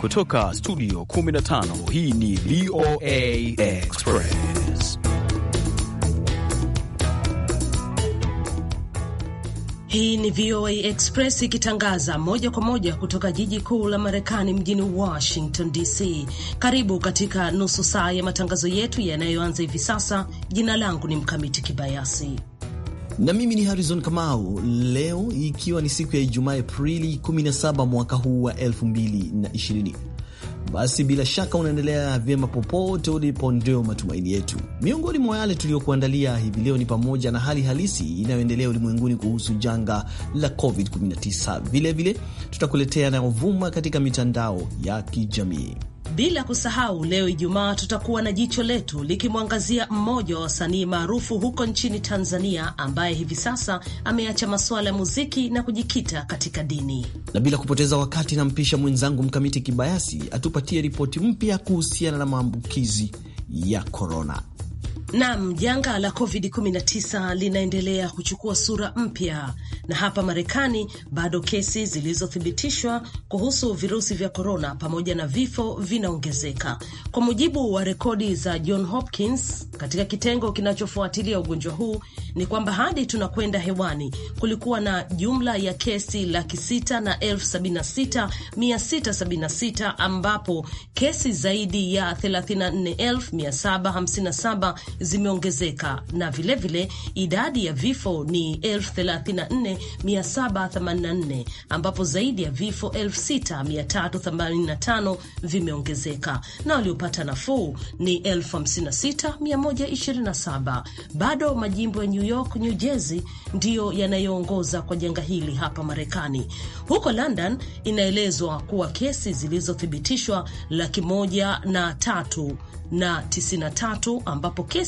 Kutoka studio 15 hii ni VOA Express. Hii ni VOA Express ikitangaza moja kwa moja kutoka jiji kuu la Marekani mjini Washington DC. Karibu katika nusu saa ya matangazo yetu yanayoanza hivi sasa. Jina langu ni Mkamiti Kibayasi na mimi ni Harrison Kamau. Leo ikiwa ni siku ya Ijumaa, Aprili 17 mwaka huu wa 2020, basi bila shaka unaendelea vyema popote ulipo, ndio matumaini yetu. Miongoni mwa yale tuliyokuandalia hivi leo ni pamoja na hali halisi inayoendelea ulimwenguni kuhusu janga la COVID-19. Vilevile tutakuletea yanayovuma katika mitandao ya kijamii. Bila kusahau leo Ijumaa tutakuwa na jicho letu likimwangazia mmoja wa wasanii maarufu huko nchini Tanzania ambaye hivi sasa ameacha masuala ya muziki na kujikita katika dini. Na bila kupoteza wakati, nampisha mwenzangu Mkamiti Kibayasi atupatie ripoti mpya kuhusiana na maambukizi ya korona. Nam, janga la COVID-19 linaendelea kuchukua sura mpya, na hapa Marekani bado kesi zilizothibitishwa kuhusu virusi vya korona pamoja na vifo vinaongezeka. Kwa mujibu wa rekodi za John Hopkins katika kitengo kinachofuatilia ugonjwa huu, ni kwamba hadi tunakwenda hewani kulikuwa na jumla ya kesi laki sita na elfu sabini na sita mia sita sabini na sita ambapo kesi zaidi ya 34,757 zimeongezeka na vilevile vile, idadi ya vifo ni 34784 ambapo zaidi ya vifo 6385 vimeongezeka na waliopata nafuu ni 56127. Bado majimbo ya New York, New Jersey ndiyo yanayoongoza kwa janga hili hapa Marekani. Huko London inaelezwa kuwa kesi zilizothibitishwa laki moja na tatu na tisini na tatu ambapo kesi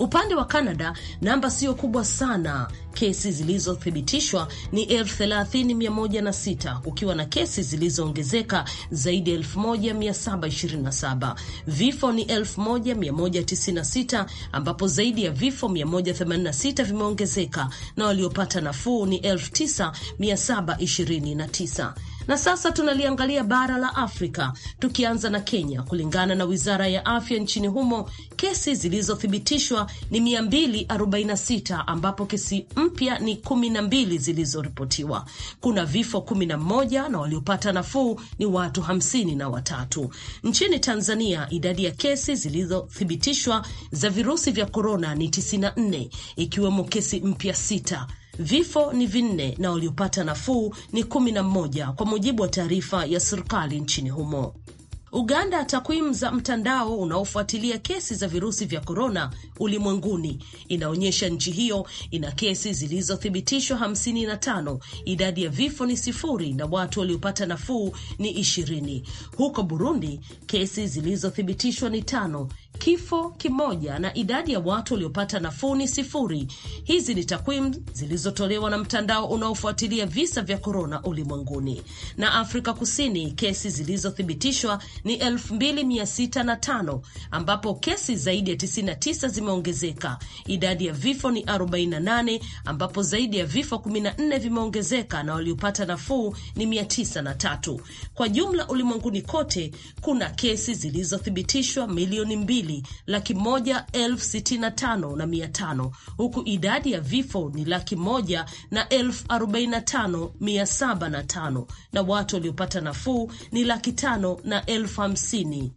Upande wa Canada namba siyo kubwa sana, kesi zilizothibitishwa ni elfu na kukiwa na kesi zilizoongezeka zaidi ya 1727 Vifo ni 1196 ambapo zaidi ya vifo 186 vimeongezeka na waliopata nafuu ni 9729 na sasa tunaliangalia bara la Afrika tukianza na Kenya. Kulingana na wizara ya afya nchini humo, kesi zilizothibitishwa ni 246 ambapo kesi mpya ni 12 zilizoripotiwa. Kuna vifo 11 na waliopata nafuu ni watu hamsini na watatu. Nchini Tanzania, idadi ya kesi zilizothibitishwa za virusi vya korona ni 94 ikiwemo kesi mpya sita Vifo ni vinne na waliopata nafuu ni kumi na mmoja kwa mujibu wa taarifa ya serikali nchini humo. Uganda, takwimu za mtandao unaofuatilia kesi za virusi vya korona ulimwenguni inaonyesha nchi hiyo ina kesi zilizothibitishwa 55, idadi ya vifo ni sifuri na watu waliopata nafuu ni ishirini. Huko Burundi, kesi zilizothibitishwa ni tano, kifo kimoja na idadi ya watu waliopata nafuu ni sifuri. Hizi ni takwimu zilizotolewa na mtandao unaofuatilia visa vya korona ulimwenguni. Na Afrika Kusini, kesi zilizothibitishwa ni 2605 ambapo kesi zaidi ya 99 zimeongezeka. Idadi ya vifo ni 48 ambapo zaidi ya vifo 14 vimeongezeka na waliopata nafuu ni 903. Kwa jumla ulimwenguni kote kuna kesi zilizothibitishwa milioni mbili mbili laki moja elfu sitini na tano na mia tano huku idadi ya vifo ni laki moja na elfu arobaini na tano mia saba na tano na watu waliopata nafuu ni laki tano na elfu hamsini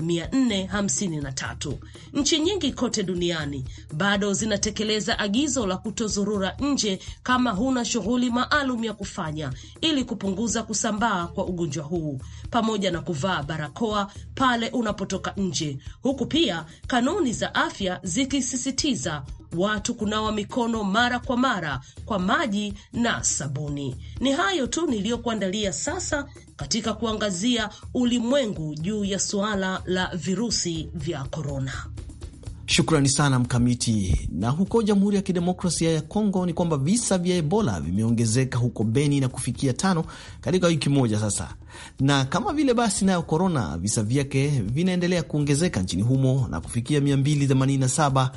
453. Nchi nyingi kote duniani bado zinatekeleza agizo la kutozurura nje kama huna shughuli maalum ya kufanya ili kupunguza kusambaa kwa ugonjwa huu, pamoja na kuvaa barakoa pale unapotoka nje, huku pia kanuni za afya zikisisitiza watu kunawa mikono mara kwa mara kwa maji na sabuni. Ni hayo tu niliyokuandalia sasa katika kuangazia ulimwengu juu ya suala la virusi vya korona. Shukrani sana Mkamiti. Na huko Jamhuri ya Kidemokrasia ya Kongo ni kwamba visa vya Ebola vimeongezeka huko Beni na kufikia tano katika wiki moja sasa na kama vile basi nayo korona visa vyake vinaendelea kuongezeka nchini humo na kufikia 287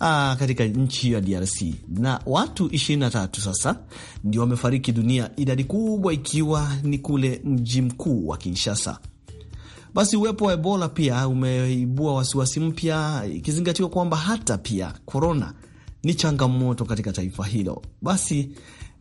ah, katika nchi ya DRC na watu 23 sasa ndio wamefariki dunia, idadi kubwa ikiwa ni kule mji mkuu wa Kinshasa. Basi uwepo wa Ebola pia umeibua wasiwasi mpya, ikizingatiwa kwamba hata pia korona ni changamoto katika taifa hilo. Basi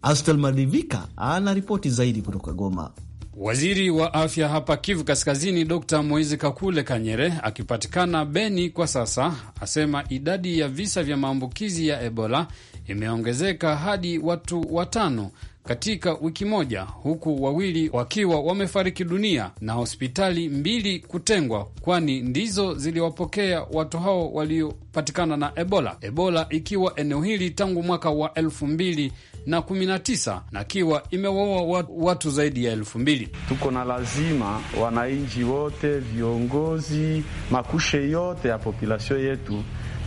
Astel Madivika ana ripoti zaidi kutoka Goma. Waziri wa afya hapa Kivu Kaskazini, Dr Moizi Kakule Kanyere akipatikana Beni kwa sasa, asema idadi ya visa vya maambukizi ya Ebola imeongezeka hadi watu watano katika wiki moja, huku wawili wakiwa wamefariki dunia na hospitali mbili kutengwa, kwani ndizo ziliwapokea watu hao waliopatikana na Ebola. Ebola ikiwa eneo hili tangu mwaka wa elfu mbili na kumi na tisa na kiwa imewaua watu zaidi ya elfu mbili. Tuko na lazima wananchi wote, viongozi, makushe yote ya populasio yetu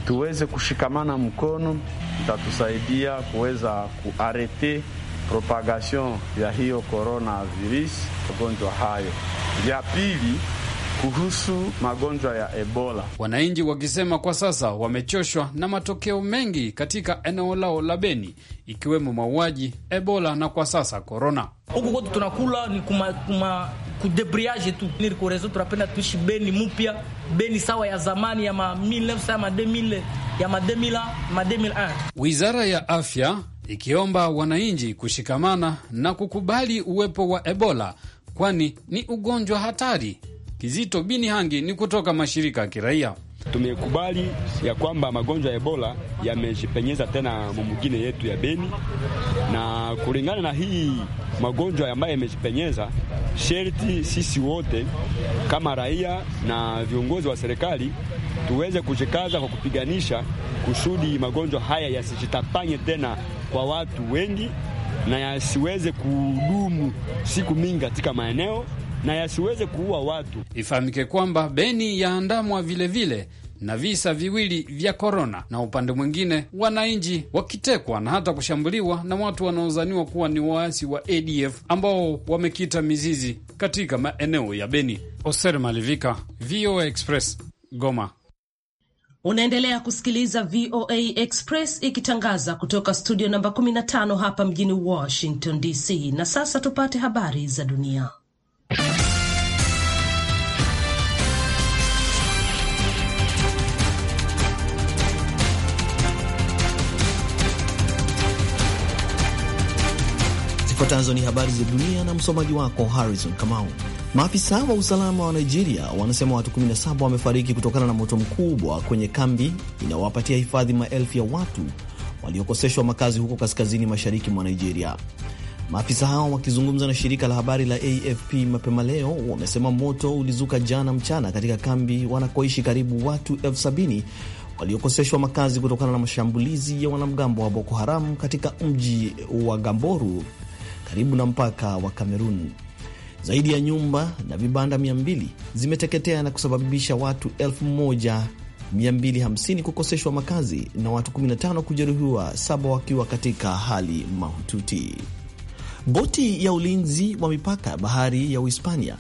tuweze kushikamana mkono, itatusaidia kuweza kuarete propagation ya hiyo corona virus magonjwa hayo. Ya pili kuhusu magonjwa ya Ebola, wananchi wakisema kwa sasa wamechoshwa na matokeo mengi katika eneo lao la Beni, ikiwemo mauaji, Ebola na kwa sasa corona. Huku kwetu tunakula ni kuma, kuma kudebriage tu ni korezo, tunapenda tuishi Beni mupya, Beni sawa ya zamani ya ma 1900 ya ma 2000 ya ma 2000 ma 2001. Wizara ya afya ikiomba wananchi kushikamana na kukubali uwepo wa Ebola kwani ni ugonjwa hatari. Kizito Bini Hangi ni kutoka mashirika ya kiraia. Tumekubali ya kwamba magonjwa ya Ebola yamejipenyeza tena mumugine yetu ya Beni, na kulingana na hii magonjwa ambayo yamejipenyeza, sherti sisi wote kama raia na viongozi wa serikali tuweze kujikaza kwa kupiganisha kusudi magonjwa haya yasijitapanye tena kwa watu wengi na yasiweze kudumu siku mingi katika maeneo na yasiweze kuua watu. Ifahamike kwamba Beni yaandamwa vilevile na visa viwili vya korona, na upande mwingine wananchi wakitekwa na hata kushambuliwa na watu wanaozaniwa kuwa ni waasi wa ADF ambao wamekita mizizi katika maeneo ya Beni. Oser Malivika, VOA Express, Goma. Unaendelea kusikiliza VOA Express ikitangaza kutoka studio namba 15 hapa mjini Washington DC. Na sasa tupate habari za dunia. Zifuatazo ni habari za dunia na msomaji wako Harrison Kamau. Maafisa wa usalama wa Nigeria wanasema watu 17 wamefariki kutokana na moto mkubwa kwenye kambi inawapatia hifadhi maelfu ya watu waliokoseshwa makazi huko kaskazini mashariki mwa Nigeria. Maafisa hao wakizungumza na shirika la habari la AFP mapema leo wamesema moto ulizuka jana mchana katika kambi wanakoishi karibu watu elfu sabini waliokoseshwa makazi kutokana na mashambulizi ya wanamgambo wa Boko Haram katika mji wa Gamboru karibu na mpaka wa Kamerun. Zaidi ya nyumba na vibanda 200 zimeteketea na kusababisha watu 1250 kukoseshwa makazi na watu 15 kujeruhiwa, saba wakiwa katika hali mahututi. Boti ya ulinzi wa mipaka ya bahari ya Uhispania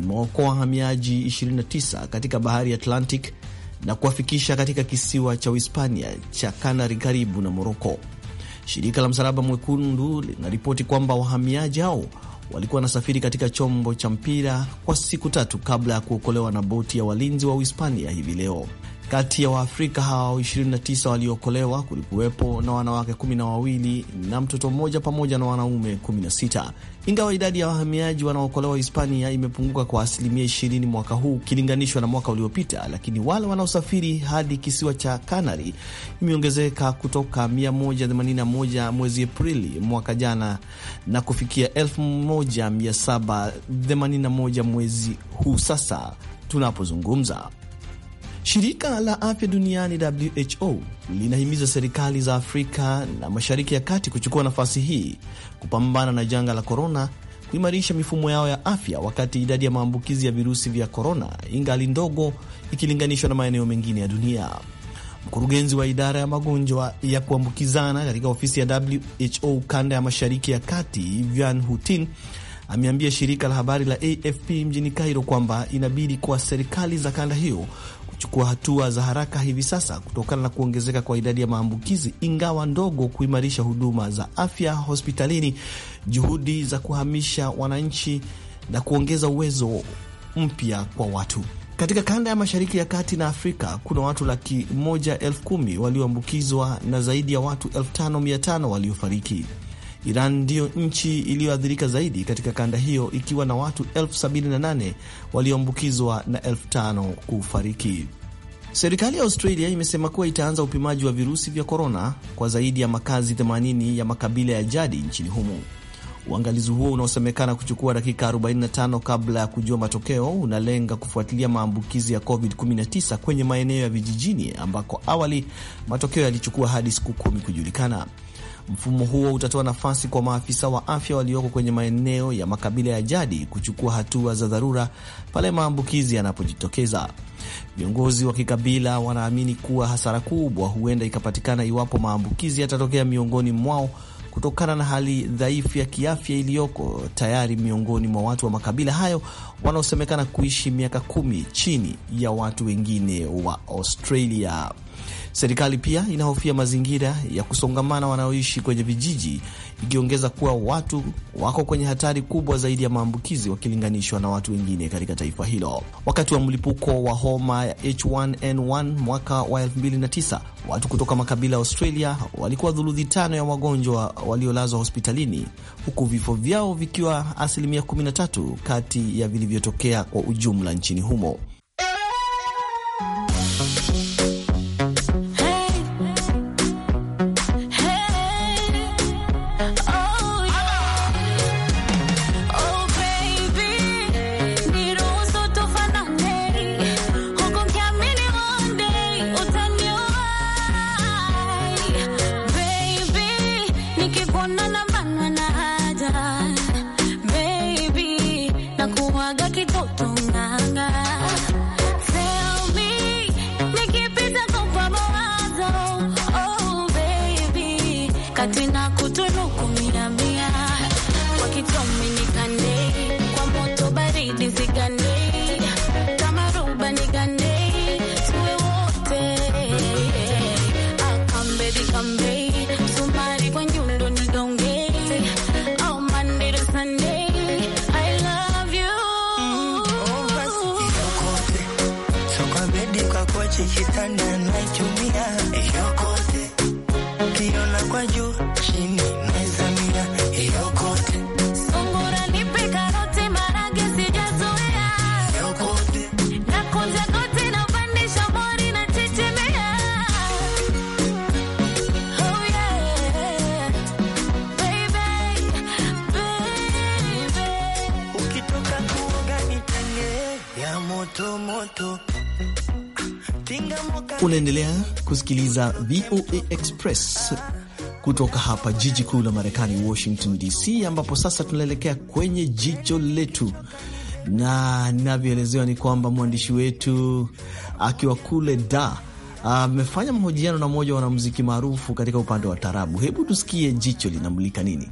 imeokoa wahamiaji 29 katika bahari ya Atlantic na kuwafikisha katika kisiwa cha Uhispania cha Kanari karibu na Moroko. Shirika la Msalaba Mwekundu linaripoti kwamba wahamiaji hao walikuwa wanasafiri katika chombo cha mpira kwa siku tatu kabla ya kuokolewa na boti ya walinzi wa Uhispania hivi leo. Kati ya Waafrika hao 29 waliokolewa kulikuwepo na wanawake kumi na wawili na mtoto mmoja pamoja na wanaume 16 ingawa idadi ya wahamiaji wanaokolewa Hispania imepunguka kwa asilimia 20 mwaka huu ukilinganishwa na mwaka uliopita, lakini wale wanaosafiri hadi kisiwa cha Kanari imeongezeka kutoka 181 mwezi Aprili mwaka jana na kufikia 1781 mwezi huu sasa tunapozungumza. Shirika la afya duniani WHO linahimiza serikali za Afrika na Mashariki ya Kati kuchukua nafasi hii kupambana na janga la korona, kuimarisha mifumo yao ya afya, wakati idadi ya maambukizi ya virusi vya korona ingali ndogo ikilinganishwa na maeneo mengine ya dunia. Mkurugenzi wa idara ya magonjwa ya kuambukizana katika ofisi ya WHO kanda ya Mashariki ya Kati, Vian Hutin ameambia shirika la habari la AFP mjini Cairo kwamba inabidi kwa serikali za kanda hiyo kuchukua hatua za haraka hivi sasa kutokana na kuongezeka kwa idadi ya maambukizi, ingawa ndogo, kuimarisha huduma za afya hospitalini, juhudi za kuhamisha wananchi na kuongeza uwezo mpya kwa watu. Katika kanda ya Mashariki ya Kati na Afrika kuna watu laki moja elfu kumi walioambukizwa na zaidi ya watu elfu tano mia tano waliofariki. Iran ndiyo nchi iliyoathirika zaidi katika kanda hiyo ikiwa na watu elfu 78 walioambukizwa na elfu 5 kufariki. Serikali ya Australia imesema kuwa itaanza upimaji wa virusi vya korona kwa zaidi ya makazi 80 ya makabila ya jadi nchini humo. Uangalizi huo unaosemekana kuchukua dakika 45 kabla ya kujua matokeo unalenga kufuatilia maambukizi ya COVID-19 kwenye maeneo ya vijijini ambako awali matokeo yalichukua hadi siku kumi kujulikana. Mfumo huo utatoa nafasi kwa maafisa wa afya walioko kwenye maeneo ya makabila ya jadi kuchukua hatua za dharura pale maambukizi yanapojitokeza. Viongozi wa kikabila wanaamini kuwa hasara kubwa huenda ikapatikana iwapo maambukizi yatatokea miongoni mwao kutokana na hali dhaifu ya kiafya iliyoko tayari miongoni mwa watu wa makabila hayo wanaosemekana kuishi miaka kumi chini ya watu wengine wa Australia. Serikali pia inahofia mazingira ya kusongamana wanaoishi kwenye vijiji, ikiongeza kuwa watu wako kwenye hatari kubwa zaidi ya maambukizi wakilinganishwa na watu wengine katika taifa hilo. Wakati wa mlipuko wa homa ya H1N1 mwaka wa 2009 watu kutoka makabila ya Australia walikuwa thuluthi tano ya wagonjwa waliolazwa hospitalini huku vifo vyao vikiwa asilimia 13 kati ya vilivyotokea kwa ujumla nchini humo. kuonana Unaendelea kusikiliza VOA Express kutoka hapa jiji kuu la Marekani, Washington DC, ambapo sasa tunaelekea kwenye jicho letu na ninavyoelezewa ni kwamba mwandishi wetu akiwa kule da amefanya mahojiano na mmoja wa wanamuziki maarufu katika upande wa tarabu. Hebu tusikie jicho linamulika nini.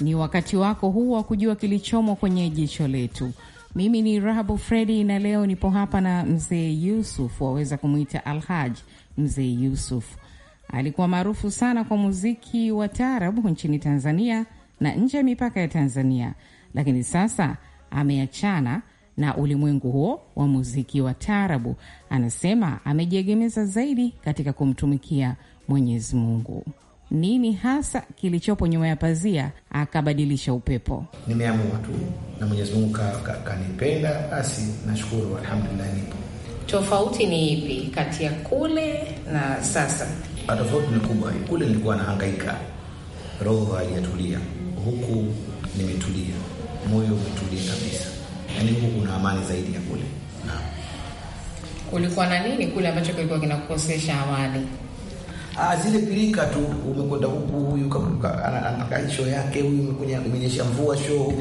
Ni wakati wako huu wa kujua kilichomo kwenye jicho letu. Mimi ni Rahabu Fredi na leo nipo hapa na mzee Yusuf, waweza kumwita Alhaj. Mzee Yusuf alikuwa maarufu sana kwa muziki wa taarabu nchini Tanzania na nje ya mipaka ya Tanzania, lakini sasa ameachana na ulimwengu huo wa muziki wa taarabu. Anasema amejiegemeza zaidi katika kumtumikia Mwenyezi Mungu nini hasa kilichopo nyuma ya pazia, akabadilisha upepo. Nimeamua tu na Mwenyezi Mungu kanipenda ka, ka, basi nashukuru, alhamdulillah. Nipo tofauti ni ipi kati ya kule na sasa? Tofauti ni kubwa. Kule nilikuwa nahangaika, roho haijatulia, huku nimetulia, moyo umetulia kabisa, yaani huku kuna amani zaidi ya kule. Kulikuwa na nini kule ambacho kilikuwa kinakukosesha awali? Ah, zile pirika tu, umekwenda huku, huyu anakaa yake, huyu umenyesha mvua show,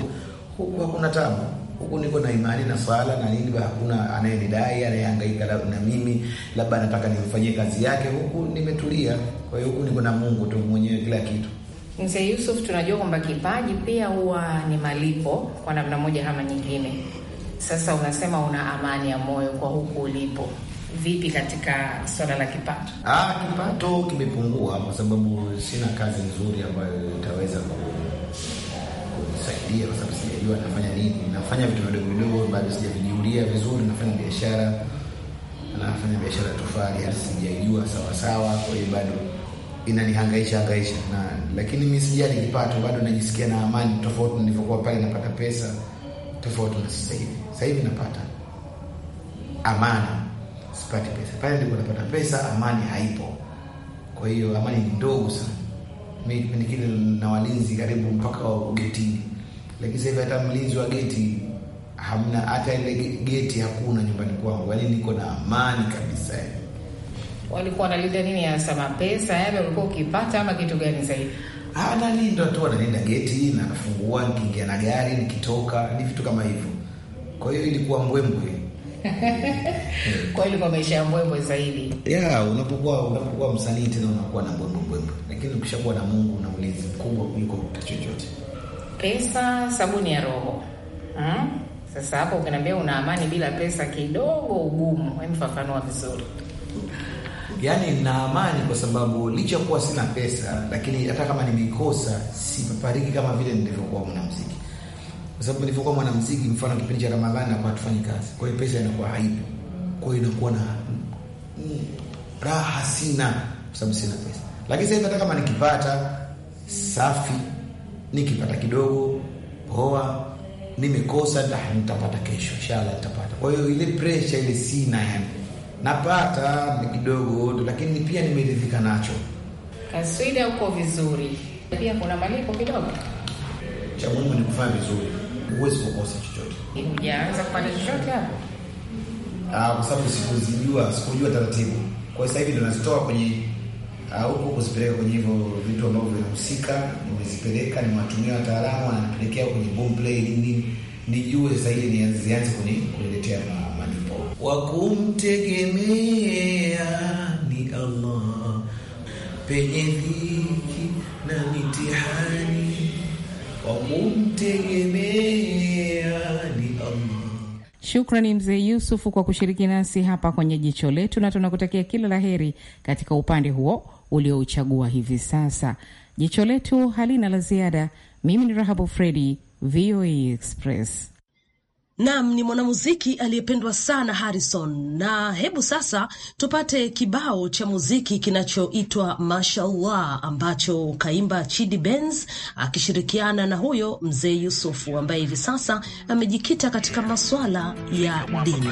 huku hakuna tabu huku niko na imani na swala na nini, hakuna anayenidai anayehangaika na mimi, labda anataka nimfanyie kazi yake. Huku nimetulia, kwa hiyo huku niko na Mungu tu mwenyewe kila kitu. Mzee Yusuf, tunajua kwamba kipaji pia huwa ni malipo kwa namna moja ama nyingine. Sasa unasema una amani ya moyo kwa huku ulipo vipi katika swala la kipato? Ah, kipato kimepungua kwa sababu sina kazi nzuri ambayo itaweza kunisaidia, kwa sababu sijajua nafanya nini. Nafanya vitu vidogo vidogo, bado sijavijulia vizuri. Nafanya biashara, nafanya biashara tofali, hata sijajua sawasawa, kwa hiyo bado inanihangaisha hangaisha na, lakini mi sijali kipato, bado najisikia na amani, tofauti nilivyokuwa pale napata pesa, tofauti na sasa hivi. Sasa hivi napata amani sipati pesa. Pale ndipo napata pesa, amani haipo. Kwa hiyo amani ni ndogo sana. Mimi kipindi kile na walinzi karibu mpaka wa getini, lakini sasa hata mlinzi wa geti hamna, hata ile geti hakuna nyumbani kwangu, yaani niko na amani kabisa. Walikuwa wanalinda nini hasa, mapesa yale ulikuwa ukipata ama kitu gani zaidi? Ah, nalinda tu, wanalinda geti na nafungua, nikiingia na gari, nikitoka, ni vitu kama hivyo. Kwa hiyo ilikuwa mbwembwe kwa hiyo kwa maisha ya mbwembwe zaidi. Yeah, unapokuwa unapokuwa msanii tena unakuwa na mbwembwe mbwembwe, lakini ukishakuwa na Mungu na ulezi mkubwa kuliko chochote, pesa sabuni ya roho hmm? Sasa hapo ukiniambia una amani bila pesa, kidogo ugumu. Mfafanua vizuri. Yaani na amani kwa sababu licha kuwa sina pesa, lakini hata kama nimeikosa sifariki kama vile nilivyokuwa mwanamuziki kwa sababu nilivyokuwa mwanamuziki, mfano kipindi cha Ramadhani nakuwa hatufanyi kazi, kwa hiyo pesa inakuwa haipo, kwa hiyo inakuwa na raha sina, kwa sababu sina pesa. Lakini sasa hata kama nikipata safi, nikipata kidogo poa, nimekosa nitapata kesho, inshallah nitapata. Kwa hiyo ile pressure ile sina, yani napata ni kidogo, tu, lakini pia nimeridhika nacho. Kaswida uko vizuri, pia kuna malipo kidogo, cha muhimu ni kufanya vizuri huwezi kukosa chochote. Hujaanza kupanda chochote hapo? Ah, kwa sababu sikuzijua, sikujua taratibu. Kwa hiyo sasa hivi ndo nazitoa kwenye ah, huko uh, kuzipeleka kwenye hivyo vitu ambavyo vinahusika, nimezipeleka, nimewatumia wataalamu, wananipelekea kwenye Boomplay nini, nijue sasa hivi nianze kwenye kuletea malipo. Wa kumtegemea ni Allah penye dhiki na mitihani wamumtegemea ni Allah. Shukrani mzee Yusufu kwa kushiriki nasi hapa kwenye jicho letu, na tunakutakia kila la heri katika upande huo uliouchagua hivi sasa. Jicho letu halina la ziada. Mimi ni Rahabu Fredi, VOA Express. Nam ni mwanamuziki aliyependwa sana Harrison, na hebu sasa tupate kibao cha muziki kinachoitwa Mashallah ambacho kaimba Chidi Benz akishirikiana na huyo mzee Yusufu ambaye hivi sasa amejikita katika maswala ya dini.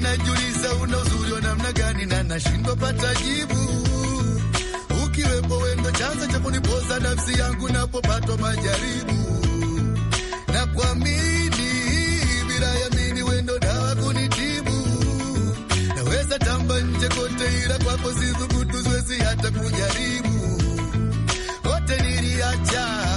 najiuliza una uzuri wa namna gani na nashindwa pata jibu. Ukiwepo wendo chanzo cha kunipoza nafsi yangu napopatwa majaribu na kuamini bila yamini, wendo dawa kunitibu. Naweza tamba nje kote, ila kwako sithubutu, siwezi hata kujaribu. Kote niliacha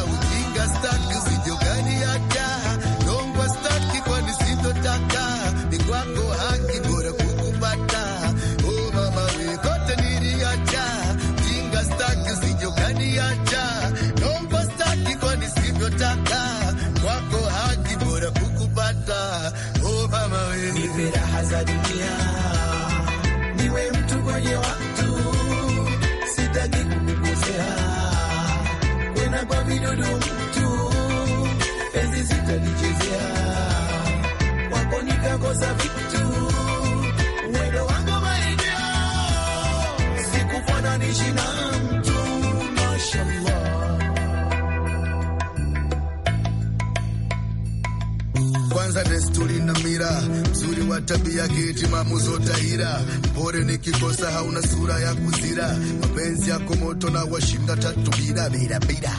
wa tabia geti mamuzo tahira mpore, nikikosa hauna sura ya kuzira, mapenzi yako moto na washinda tatu bila bila bila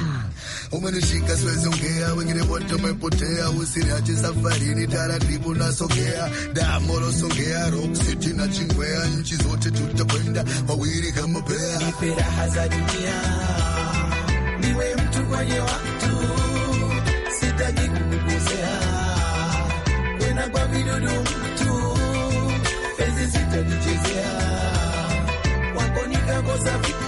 Umenishika siwezi ongea, wengine wote umepotea, usiniache safarini, taratibu nasogea, damolo sogea, rock city na chingwea, nchi zote tutakwenda wawili kama pea. Nipe raha za dunia, niwe mtu kwenye watu, sitaji kukukosea, kwenda kwa vidudu zitanichezea wako nikakosa vipi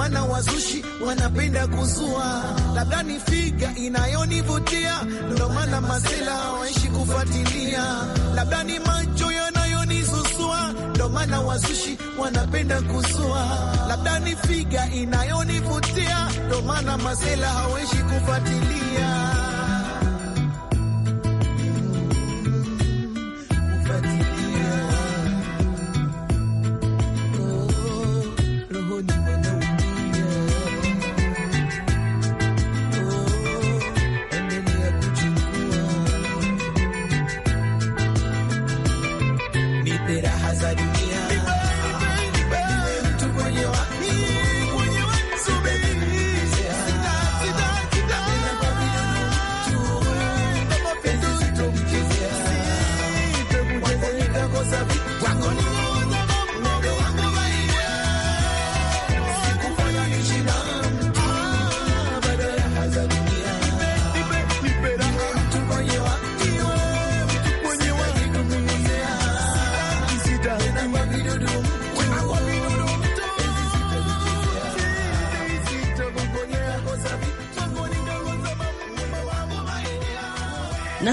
maana wazushi wanapenda kuzua, labda ni figa inayonivutia, ndo maana masela waishi kufuatilia, labda ni macho yanayonisusua, ndo maana wazushi wanapenda kuzua, labda ni figa inayonivutia, ndo maana masela hawaishi kufuatilia.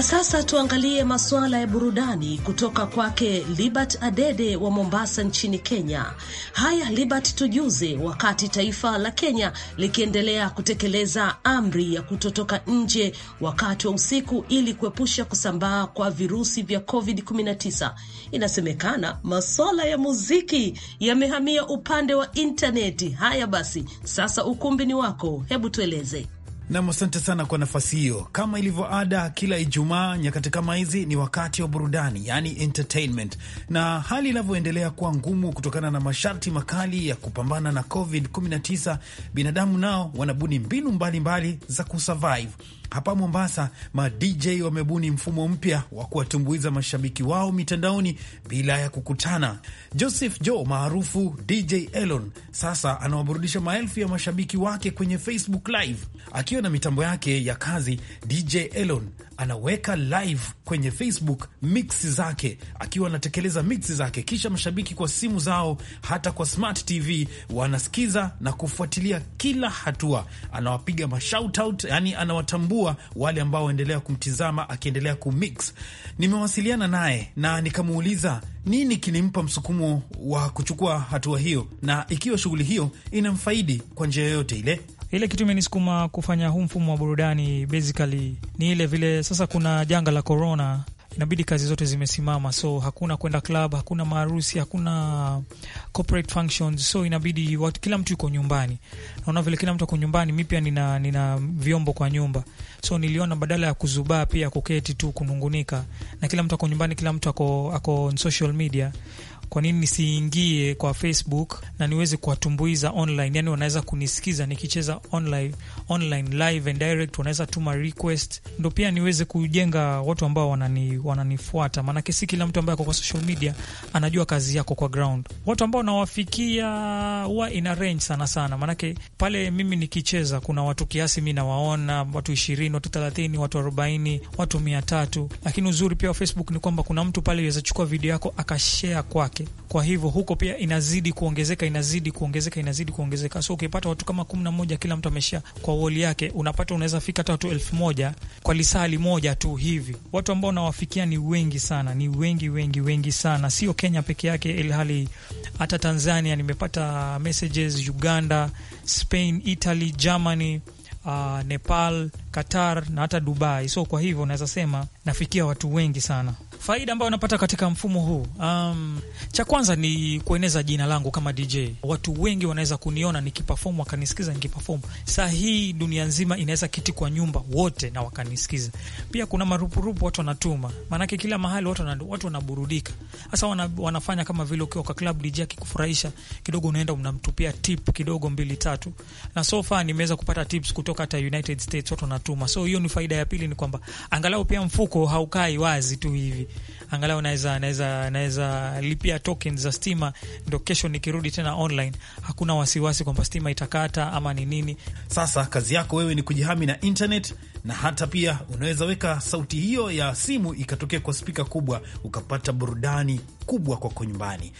sasa tuangalie masuala ya burudani kutoka kwake Libert Adede wa Mombasa nchini Kenya. Haya Libert, tujuze, wakati taifa la Kenya likiendelea kutekeleza amri ya kutotoka nje wakati wa usiku ili kuepusha kusambaa kwa virusi vya COVID-19, inasemekana masuala ya muziki yamehamia upande wa intaneti. Haya basi, sasa ukumbi ni wako, hebu tueleze. Nam, asante sana kwa nafasi hiyo. Kama ilivyo ada, kila Ijumaa nyakati kama hizi ni wakati wa burudani, yani entertainment, na hali inavyoendelea kuwa ngumu kutokana na masharti makali ya kupambana na COVID-19, binadamu nao wanabuni mbinu mbalimbali mbali za kusurvive hapa Mombasa, ma DJ wamebuni mfumo mpya wa kuwatumbuiza mashabiki wao mitandaoni bila ya kukutana. Joseph Joe maarufu DJ Elon sasa anawaburudisha maelfu ya mashabiki wake kwenye Facebook Live. Akiwa na mitambo yake ya kazi, DJ Elon anaweka live kwenye Facebook mix zake akiwa anatekeleza mixi zake, kisha mashabiki kwa simu zao, hata kwa smart TV wanasikiza na kufuatilia kila hatua. Anawapiga mashout out, yani anawatambua wale ambao waendelea kumtizama akiendelea kumix. Nimewasiliana naye na nikamuuliza nini kilimpa msukumo wa kuchukua hatua hiyo na ikiwa shughuli hiyo inamfaidi kwa njia yoyote ile. Ile kitu imenisukuma kufanya huu mfumo wa burudani basically ni ile vile, sasa kuna janga la corona, inabidi kazi zote zimesimama, so hakuna kwenda club, hakuna maharusi, hakuna corporate functions, so inabidi watu, kila mtu yuko nyumbani. Naona vile kila mtu ako nyumbani, mi pia nina, nina vyombo kwa nyumba, so niliona badala ya kuzubaa pia kuketi tu kunungunika, na kila mtu ako nyumbani, kila mtu ako, ako on social media kwa nini nisiingie kwa Facebook na niweze kuwatumbuiza online? Yani wanaweza kunisikiza nikicheza online, online live and direct, wanaweza tuma request, ndo pia niweze kujenga watu ambao wanani, wananifuata. Maanake si kila mtu ambaye ako kwa social media anajua kazi yako kwa ground. Watu ambao nawafikia huwa ina range sana sana, maanake pale mimi nikicheza kuna watu kiasi, mi nawaona watu ishirini, watu thelathini, watu arobaini, watu mia tatu. Lakini uzuri pia wa Facebook ni kwamba kuna mtu pale aweza chukua video yako akashare kwake yake. Kwa hivyo huko pia inazidi kuongezeka, inazidi kuongezeka, inazidi kuongezeka. So ukipata watu kama kumi na moja, kila mtu ameshia kwa woli yake, unapata unaweza fika hata watu elfu moja kwa lisali moja tu hivi. Watu ambao nawafikia ni wengi sana, ni wengi wengi wengi sana, sio Kenya peke yake, ilhali hata Tanzania nimepata messages, Uganda, Spain, Italy, Germany Uh, Nepal, Qatar na hata Dubai. So kwa hivyo naweza sema nafikia watu wengi sana. Faida ambayo napata katika mfumo huu um, cha kwanza ni kueneza jina langu kama DJ. Watu wengi wanaweza kuniona nikiperform, wakanisikiza nikiperform. Saa hii dunia nzima inaweza kiti kwa nyumba wote na wakanisikiza. Pia kuna marupurupu watu wanatuma, maanake kila mahali watu wana, watu wanaburudika hasa wana, wanafanya kama vile ukiwa kwa klabu DJ akikufurahisha kidogo, unaenda unamtupia tip kidogo mbili tatu, na so far nimeweza kupata tips kutoka hata United States watu wanatuma. So hiyo ni faida ya pili, ni kwamba angalau pia mfuko haukai wazi tu hivi angalau naweza naweza naweza lipia token za stima, ndo kesho nikirudi tena online hakuna wasiwasi kwamba stima itakata ama ni nini. Sasa kazi yako wewe ni kujihami na internet, na hata pia unaweza weka sauti hiyo ya simu ikatokea kwa spika kubwa, ukapata burudani kubwa kwako nyumbani.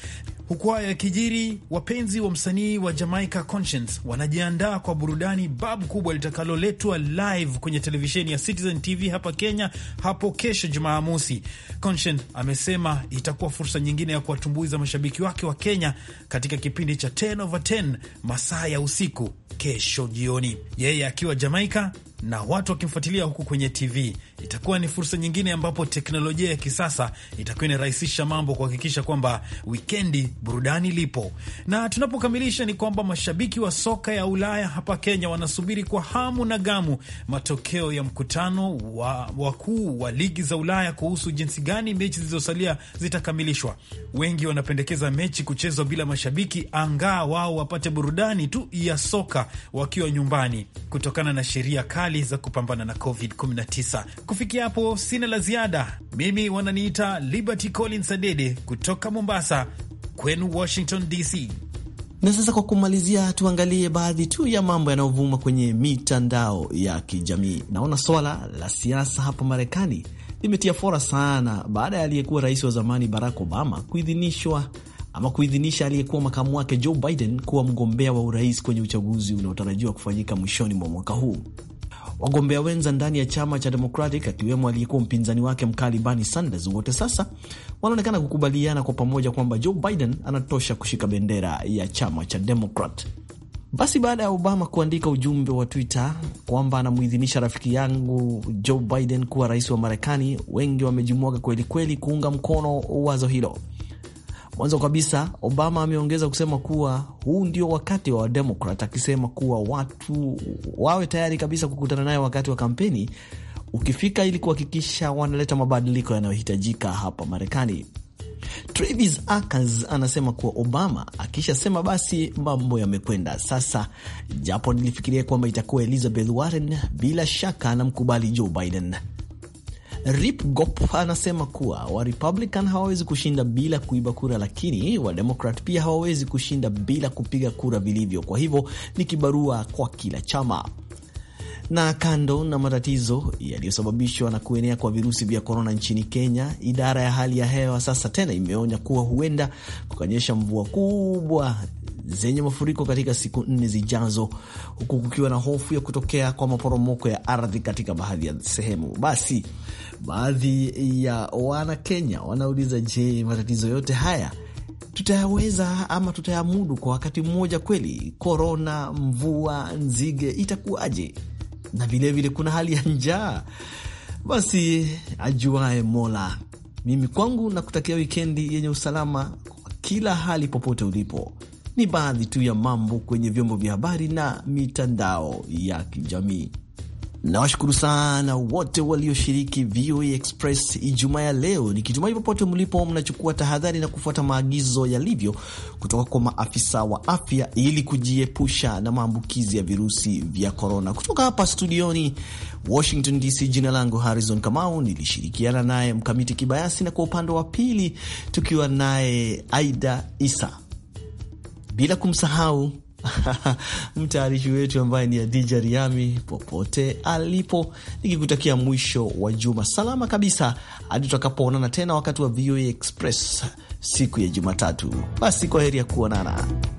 Huku hayo yakijiri, wapenzi wa msanii wa Jamaica Conscience wanajiandaa kwa burudani babu kubwa litakaloletwa live kwenye televisheni ya Citizen TV hapa Kenya hapo kesho Jumamosi. Conscience amesema itakuwa fursa nyingine ya kuwatumbuiza mashabiki wake wa Kenya katika kipindi cha 10 over 10 masaa ya usiku kesho jioni, yeye akiwa Jamaica na watu wakimfuatilia huku kwenye TV itakuwa ni fursa nyingine ambapo teknolojia ya kisasa itakuwa inarahisisha mambo, kuhakikisha kwamba wikendi burudani lipo. Na tunapokamilisha ni kwamba mashabiki wa soka ya Ulaya hapa Kenya wanasubiri kwa hamu na gamu matokeo ya mkutano wa wakuu wa ligi za Ulaya kuhusu jinsi gani mechi zilizosalia zitakamilishwa. Wengi wanapendekeza mechi kuchezwa bila mashabiki, angaa wao wapate burudani tu ya soka wakiwa nyumbani, kutokana na sheria kali za kupambana na COVID-19. Kufikia hapo sina la ziada. Mimi wananiita Liberty Collins Adede kutoka Mombasa kwenu Washington DC. Na sasa kwa kumalizia, tuangalie baadhi tu ya mambo yanayovuma kwenye mitandao ya kijamii. Naona swala la siasa hapa Marekani limetia fora sana baada ya aliyekuwa rais wa zamani Barack Obama kuidhinishwa ama kuidhinisha aliyekuwa makamu wake Joe Biden kuwa mgombea wa urais kwenye uchaguzi unaotarajiwa kufanyika mwishoni mwa mwaka huu. Wagombea wenza ndani ya chama cha Democratic akiwemo aliyekuwa mpinzani wake mkali Bernie Sanders, wote sasa wanaonekana kukubaliana kwa pamoja kwamba Joe Biden anatosha kushika bendera ya chama cha Democrat. Basi baada ya Obama kuandika ujumbe wa Twitter kwamba anamuidhinisha rafiki yangu Joe Biden kuwa rais wa Marekani, wengi wamejimwaga kwelikweli kuunga mkono wazo hilo. Mwanzo kabisa, Obama ameongeza kusema kuwa huu ndio wakati wa Wademokrat, akisema kuwa watu wawe tayari kabisa kukutana naye wakati wa kampeni ukifika, ili kuhakikisha wanaleta mabadiliko yanayohitajika hapa Marekani. Travis Akers anasema kuwa Obama akishasema basi mambo yamekwenda. Sasa japo nilifikiria kwamba itakuwa Elizabeth Warren, bila shaka anamkubali Joe Biden. Rip Gop anasema kuwa Warepublican hawawezi kushinda bila kuiba kura, lakini Wademokrat pia hawawezi kushinda bila kupiga kura vilivyo. Kwa hivyo ni kibarua kwa kila chama na kando na matatizo yaliyosababishwa na kuenea kwa virusi vya korona nchini Kenya, idara ya hali ya hewa sasa tena imeonya kuwa huenda kukanyesha mvua kubwa zenye mafuriko katika siku nne zijazo, huku kukiwa na hofu ya kutokea kwa maporomoko ya ardhi katika baadhi ya sehemu. Basi baadhi ya wana Kenya wanauliza, je, matatizo yote haya tutayaweza ama tutayamudu kwa wakati mmoja kweli? Korona, mvua, nzige, itakuwaje? Na vilevile kuna hali ya njaa. Basi ajuae Mola. Mimi kwangu nakutakia wikendi yenye usalama kwa kila hali, popote ulipo. Ni baadhi tu ya mambo kwenye vyombo vya habari na mitandao ya kijamii. Nawashukuru sana wote walioshiriki VOA Express Ijumaa ya leo, nikitumai popote mlipo mnachukua tahadhari na kufuata maagizo yalivyo kutoka kwa maafisa wa afya ili kujiepusha na maambukizi ya virusi vya korona. Kutoka hapa studioni Washington DC, jina langu Harrison Kamau, nilishirikiana naye Mkamiti Kibayasi, na kwa upande wa pili tukiwa naye Aida Isa bila kumsahau mtayarishi wetu ambaye ni Adija Riami, popote alipo, nikikutakia mwisho wa juma salama kabisa hadi tutakapoonana tena wakati wa VOA Express siku ya Jumatatu. Basi kwa heri ya kuonana.